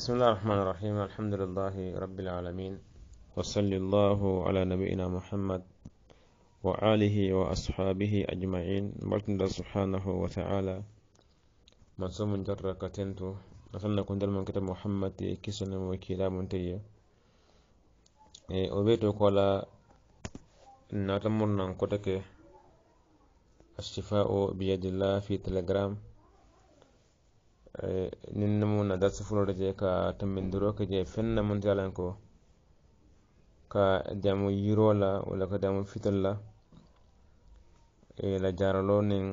بسم الله الرحمن الرحيم الحمد لله رب العالمين وصلى الله على نبينا محمد وآله وأصحابه أجمعين مرتنا سبحانه وتعالى من سوم جرى كتنتو نصلنا كنت من كتاب محمد كسنا وكلا منتيا إيه، أبيتو قال نتمنى كتك الشفاء بيد الله في تلغرام nin namu na darsu fuloto je ka tambindiro ke je fen namunti alan ko ka jamu yiro la wala ka jamu fitol e la ila jaralo nin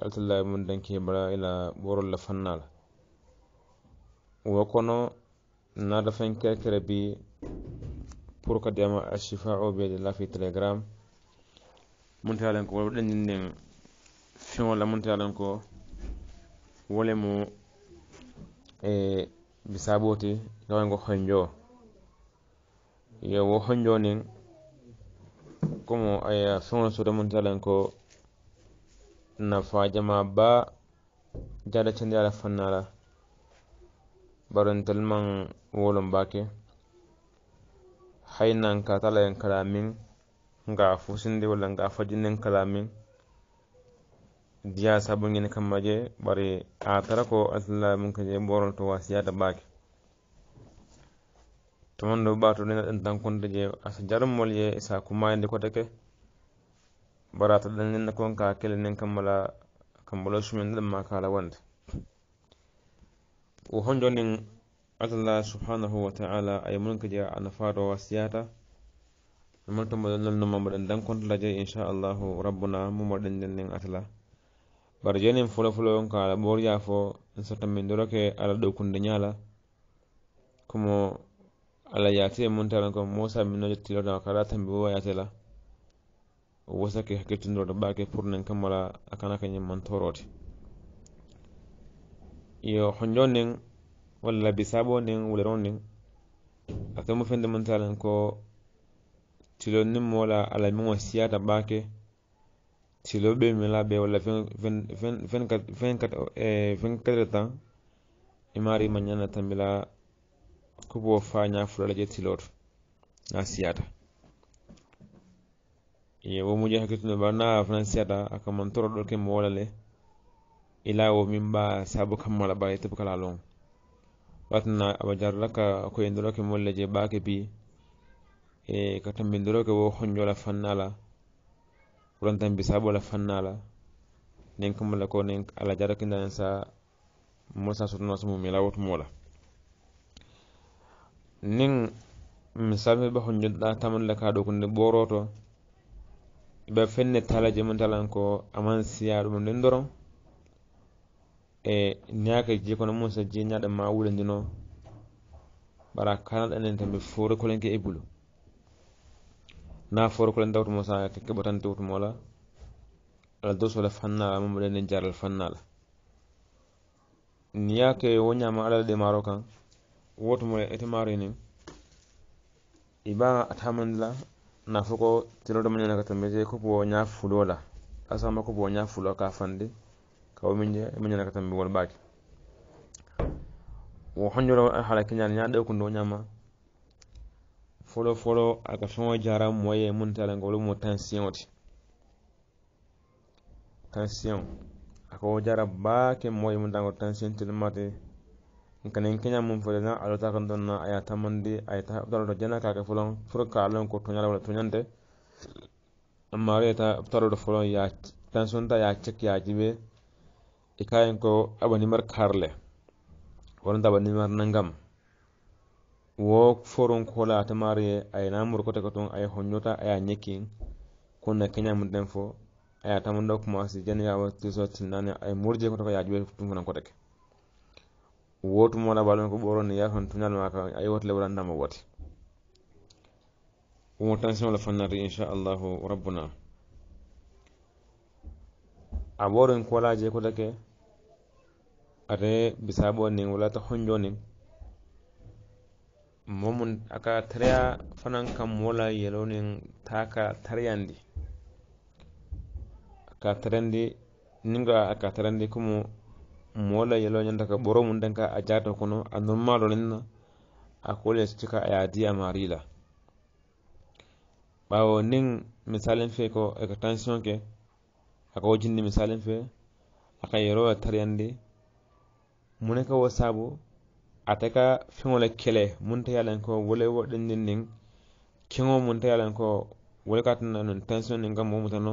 altullahi mun danke bara ila e borol la fanna la wo kono naata feŋ kerekere bi pour ka diyama ashifao be de lafi telegram munti alan ko wala ɗañin nin feŋo la munti alan ko wolemu e bisaboti gawango honjo yowo honjo nin komo aya e, feŋol sotomunta len ko nafa jama ba jada candi ala fanna la bari ntelman wolon bake hay nan katala yen kalamin ngafusindi wala ngafajinin kalamin diya sabu ngene kamma maje bari a tara ko asillah mun ka je borol to wasiyata baake to man ɗo ɓato ɗena ɗen tankunde je asa jarummol ye sa kumayinde koteke bara to ɗen nenna kon ka kele nen kammala kambolo sumen ɗen ma kala wonde o honjo nin allah subhanahu wa taala ay mun ka je kaje ana faɗo wasiyata ɗumon to mbaɗen nonnoma mbaɗen insha inchallahu rabbuna mu mumoɗen nden nen atala bari jenen folo folo on ka la bor ya fo nsota min doro ke ala do kunde nyala komo ala yate mun taran ko mosa min no tilo na kala tambi wo yate la wosa ke hakitin do da bake pour nan kamala akana kan man toroti yo honjonen walla bisabo a wuleron nen akamo fende mun taran ko tilo moo nin mola ala min wasiyata bake silo be min labɛn wala fɛn kɛtɛrɛ tan i mari ma ɲana tambila kubo fa ɲa fula lajɛ silot na siyata ye wo muje hakkituno ba na fana siyata a ka man tɔrɔ dɔ kɛ mɔgɔ le ila wo min ba sabu kamma la ba ite bu kala lon watina abajarla ko indoro ke molle je ba ke bi e ka tambindoro ke wo honjola fanna la kuran tan la fanna la nin kamala ko nin ala jara kinda sa musa sutuna sumu mila wot mola nin misalme ba hunjun da taman la ka do kunde boroto be fenne tala jemun talan ko aman siya dum nin doron e nyaaka je kono musa je nyaada ma wulendino bara kanal enen tambe fore kolenke e bulu na foro kulan dawtumo sa ke keɓotan tewtumo la ala doso la fanna la mamo dene jaral fanna la ni ke wo ñama ala la demaro kan wotumo la e ite maro e nin i ba la na fo ko tiloto ma ñana ka tambete ko bo ña fulo la asama ko bo ña fulo ka fande ka wo min je ma ka tambi wol baake wo honjoro hala kiñani ña ɗew kundo ñama fɔlɔfɔlɔ a ka feŋo jaara mɔ ye mun ta la nka olu mɔ tansiyɛnw de a ka o diyara baa kɛ mɔ ye mun ta ko tansiyɛn telima de nka nin kɛɲɛ mun fɔ n'a alo ta kan dɔnna a y'a ta man di a ye ta dɔn dɔ jɛnɛ k'a kɛ fɔlɔ fɔlɔ k'a lɔn ko tɔɲa wala tɔɲa tɛ amma ale ta ta dɔ fɔlɔ ya tansiyɛn ta y'a cɛ y'a jibe i ka yin ko abani mari kari lɛ wani ta abani mari nangam wo foron kola atamari ay na mur kota katon ay honyota ay nyekin kunna kenya munden fo ay da kuma si jan ya wa tiso tinani ay murje kota ya jwe tun fana kota ke wotu mola balon ko boron ya hon tunal ma ka ay wotle wuranda ma wote wo tension la fannari insha Allah rabbuna aborin kola je ko ke are bisabo ne wala ta honjo ne momun aka tarya fanan kan mola yelonin taka taryandi aka taryandi ninga aka taryandi kumu mola yelo nyanda ka boro mun danka a jata kono a normalo ninna a kole cika a yadi a marila ɓawo nin misalin fe ko aka tension ke aka wajindi misalin fe aka yero a taryandi mune ka wo sabo ate ka feŋo le kele munta ye a ko wo wo ɗinɗin niŋ keŋo munta ye a ko wo ka tinna nuŋ tensiyoŋ niŋ ka moo muta no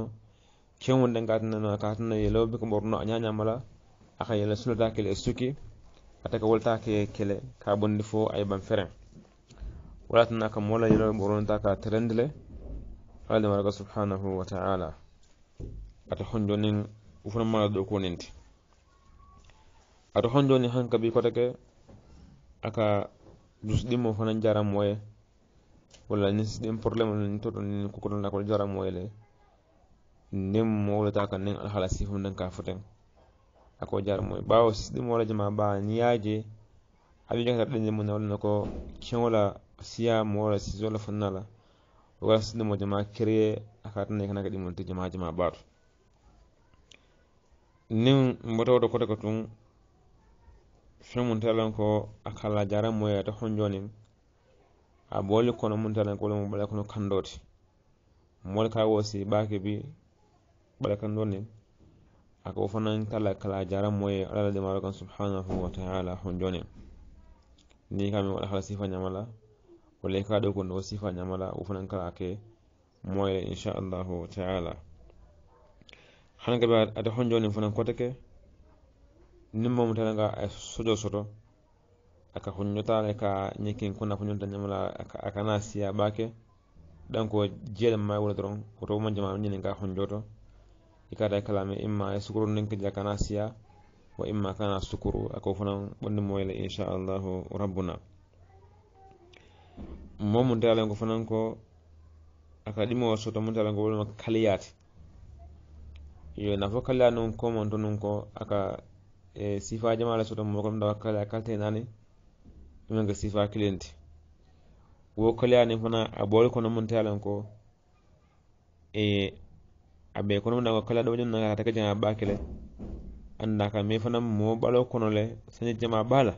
keŋo munta ka tinna no ka tinna yeloo be ka ɓoru no a ñaañaama la a ka yele sulata kele suki ate ka wo le taa ke kele ka a bondi fo a ye baŋ fereŋ wo le ka moo la yeloo ɓoru no ta ka terendi le alla le subhanahu wa taala ate honjo niŋ wo fanaŋ maa la ti ate honjo niŋ haŋ ka bii aka dus dimo fana jaram mo wala ni ci dem problème ni to ɗon ni ko na ko jaram ye le nem mo nden mowolata ka nden alhala sifum nden ka foten ako jaram mo baaw ci sisɗimo wala jama ba ni yaaje abi aɓe dañ ni mo nawolno ko wala siya mo wala ci zola fana la wala ci sisɗimo jama créer aka tanai kana kaɗi dimo to jama jama ni mo to kote ko tun feŋ mun tara ko a ka moye ate honjo a booli kono mun tara ko mu bala kono kandoti ti moolu ka wosi si baake bi bala kando niŋ a ka wo fanaŋ tala ka lajara moye alla la demaro kan subhanahu wa taala honjo ni niŋ wala hala sifa ñama la walla i ka do kondo wo sifa ñama la wo fanaŋ kala ke moye le inchallahu taala hanaŋ ka be ate honjo niŋ fanaŋ kote ke niŋ moo mu tara ka eh, sojo soto a ka huñota le ka ñekin kuna huñonta ñama la a kana siya baa ke danko jiyele ma wala doroŋ woto ma jama ñinin ka hunjo to i ka taa kalame imma ye eh, sukuru niŋ ka jaa kana siya wa imma kana sukuru a ko fanaŋ bondi moye le insha allahu rabbuna moo mun tara ko fanaŋ ko a ka ɗimoo soto mun tara len ko wolema kaliyaati yo nafo kaliya nuŋ komonto nuŋ ko a ka e sifa la soto mo ko ndo kala kalte nani dum nga sifa kilenti wo kala ni fana a boori kono mun tayalan ko e abe ko non dawa kala do non nga ta kajana bakile anda ka me fana mo balo ko non le sañi jama bala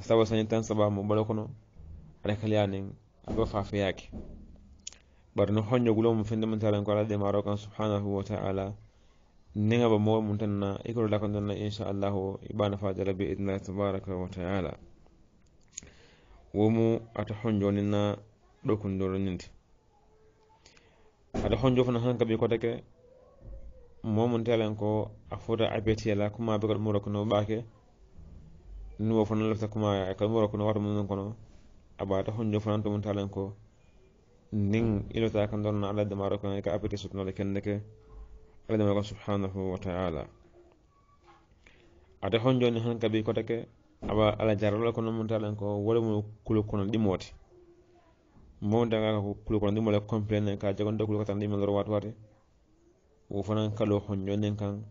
sabo sañi tan sabo mo balo ko non kala ni aɗa fa fa fafeyake bar no gulo mo fende mun tayalan ko ala de maro kan subhanahu wa taala nengaba mowa mun tan na ikoro lako tan na insha allah o ibana fajar rabbi idin allah tabaraka wa ta'ala womu ata honjo ni na dokun doro nindi ata honjo fana hanka bi kotake mo mun telen ko a fota abeti la kuma be ko mo rokono baake ni wo fana lafta kuma ka mo rokono wato mun kono aba ata honjo fana to mun talen ko nin ilota kan don na ala da maroko ka abeti sutno le kende ke alade mala subhanahu wa taala ate hon joni han kabi ko ke aba ala jaralola kono mun talan ko wala mu kulu kono dimoti ɗimoti mowdagaka ko kulu kono ɗimole complaine ka jagonta kulu katan ɗimel lor wat wate wo fanan kalo hon jonen kan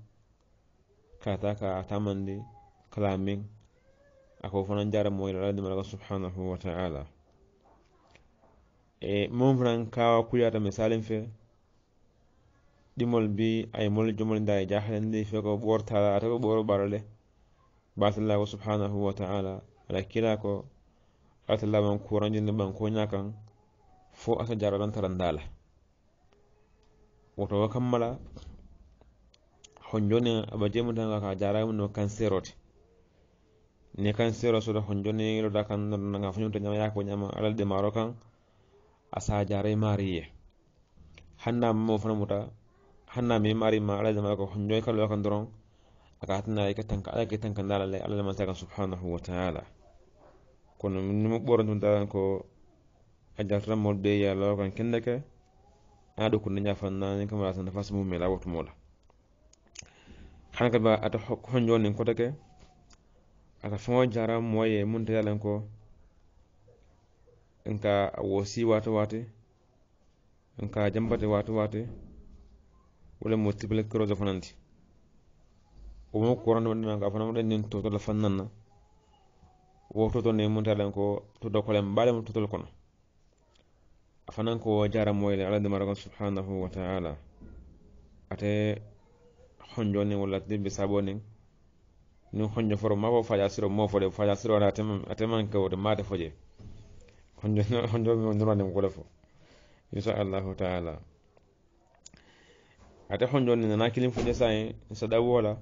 ka ta ka tamandi kalamin ako fanan jara moyla alade ko subhanahu wa taala e mon fanan ka kawa kuyata misalin fe ɗimol bi ay mol jomol nda e jahale ndi e fe ko ɓortala ata ko ɓoro ɓarole batallahu subhanahu wa taala ala kila ko alatallah ɓan kuranjinde ɓan ko ñakan fo ata jaralantara ndala woto wo kammala hon joni aɓa jemutanga ka jarama no kanserote ni kansero soto hon joni loda kan nanga foñumta ñama yaka ko ñama alal de maro kan asa jaray mariye hanna mo fana muta hana mi mari ma ala zamana ko honjoy kala kan doron akatna ay katan ka ala kitan kan dala ala lama saka subhanahu wa ta'ala kono nimo boron dun dalan ko ajal ramol be ya lo kan kende ke ado nya fanna ni kam rasan fas mum mela wotu mola hanka ba ata honjoy nin ko take aka fo jaram moye mun ta ko nka wosi wato wate nka jambate wato wate, wate wala multiple kero da fananti o mo koran do nan ga fanan da nin to to la fannan na wo to to ne mun ta ko to do ko lam bala mun to to kono afanan ko jara mo ile ala maragon subhanahu wa ta'ala ate honjo ne wala de be sabo ne ni honjo foro ma bo faja siro mo fo faja siro ala tem ateman ko de ma foje honjo honjo mi on ne ko defo insha Allah ta'ala ate honjoni nana kilin fo desa ye sadawo la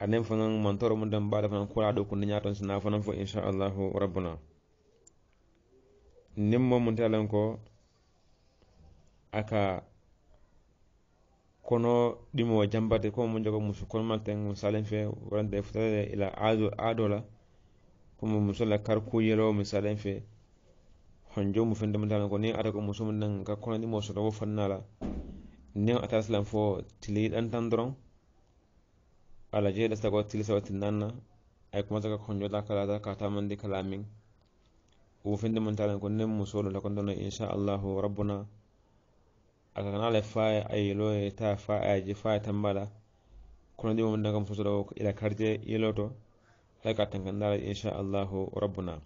anen fana mantoro mu dan bala fana kula do kun nyaton sina fana fo insha Allah rabbuna nim mo mun talan ko aka kono dimo jambate ko mun jogo musu kono malte mun salen fe warande futale ila ado ado kuma musu kar ku yelo mun fe honjo mu fende mun talan ko ni ata ko musu mun nan ka kono dimo so do fannala nen ata silan fo tili yiɗan tan doron ala jeyi ɗasago tili sawa tinnanna ay kuma saka konjota kalata katamandi kalamin wufinde mun talan ko nen musolu la kontono insha allahu rabbuna aka kana ala fa ay lo ta fa ay ji fa tambala kono di mun daga musolu ko ila karje yeloto ay ka tangandara insha allahu rabbuna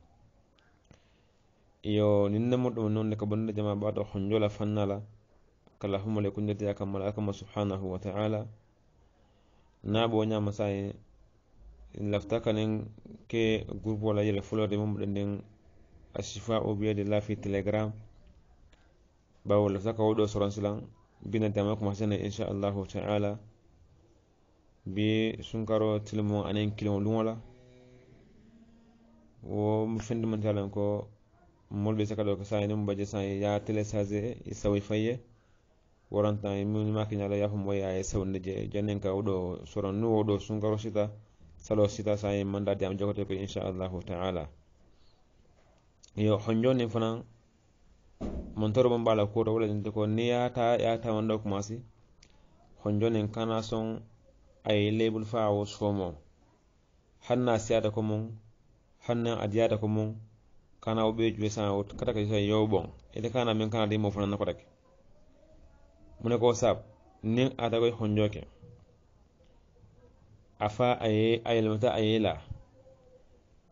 iyo ninna mudum non ne ka bonna jama'a ba to honjola fannala kalahuma lekunnete yakammala akama subhanahu wa ta'ala naabo ñama saye lafta kanen ke groupe wala yele fulode mum ɗen nden ashifa o biyede lafi telegram bawo lafta ka woɗo soransilan binadama kuma sene inchallahu ta'ala bi sunkaro tilimo anen kilimo luŋola wo fendi mantalan ko molɓe saka ɗo ko saye nemo baje saye ya téléchargé i sawi faye waranta min makiñala yafumo yaye sewnde je jenen ka oɗo soron nu oɗo sunkaro sita salo sita saye manda diam jogote insha Allah taala yo ne fana montoro mon ɓala kuuto wolajente ko ni ko masi honjo ne kana son ay label fa wo somo hanna siata ko mun hanna adiyata ko mun kana wo ɓe sa sa kata ka yo bon ite kana min kana dimo ko dake. mune ko sab nin ata koy honjo ke afa aye ayelmata aye la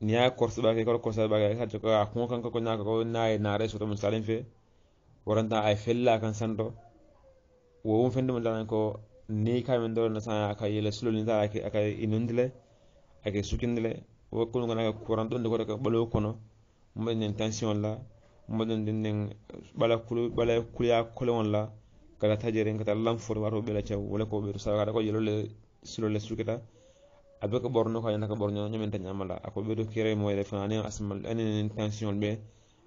ni ya korsiba ke kor korsiba ke sa ko a kun kan ko na ko na ye na re soto musalin fe waranta ay fella kan santo wo won fende mun ko ni ka min do na sa aka yele sulo ni da aka inundile aka sukindile wo kun kan ka kuran don ko ka balo kono mo nen tension la mo nen nen bala kulu bala kulya kolon la kala tajere tajeren kata lanfori waro bela cew wala ko ɓeto sawa kada ko jelole le sukita abe ko ɓorno ko añata ko ɓorño ñamen tañ amala ako ɓeto kere moyde fana anen asmal anen intention be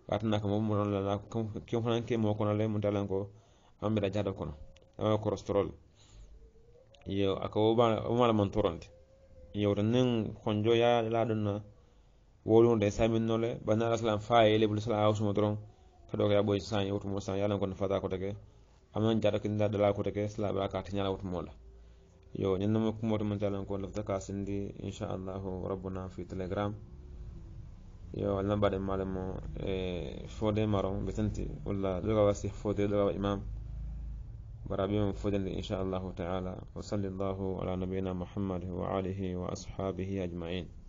watna ko mom la la ko ko ke mo kono le mutalan ko da ambeɗa ko no ko corostrol yo ako mala man toronte yewta nen konjo ya la wolu laɗonna wolunde saminnole banara salam fa e lebulu sala awsumo doron kaɗo ko yaɓoy san mo san yalan ko no fata ko dege amon jara kin da dala ko take sala ba ka tinyala wut mola yo nyen mo ko moto man talan ko lafta ka sindi insha Allah rabbuna fi telegram yo Allah bare malamo e eh, fode maron bitanti wala doga wasi fode doga imam bara برابيهم فضل إن taala الله تعالى ala الله على wa alihi wa ashabihi ajmain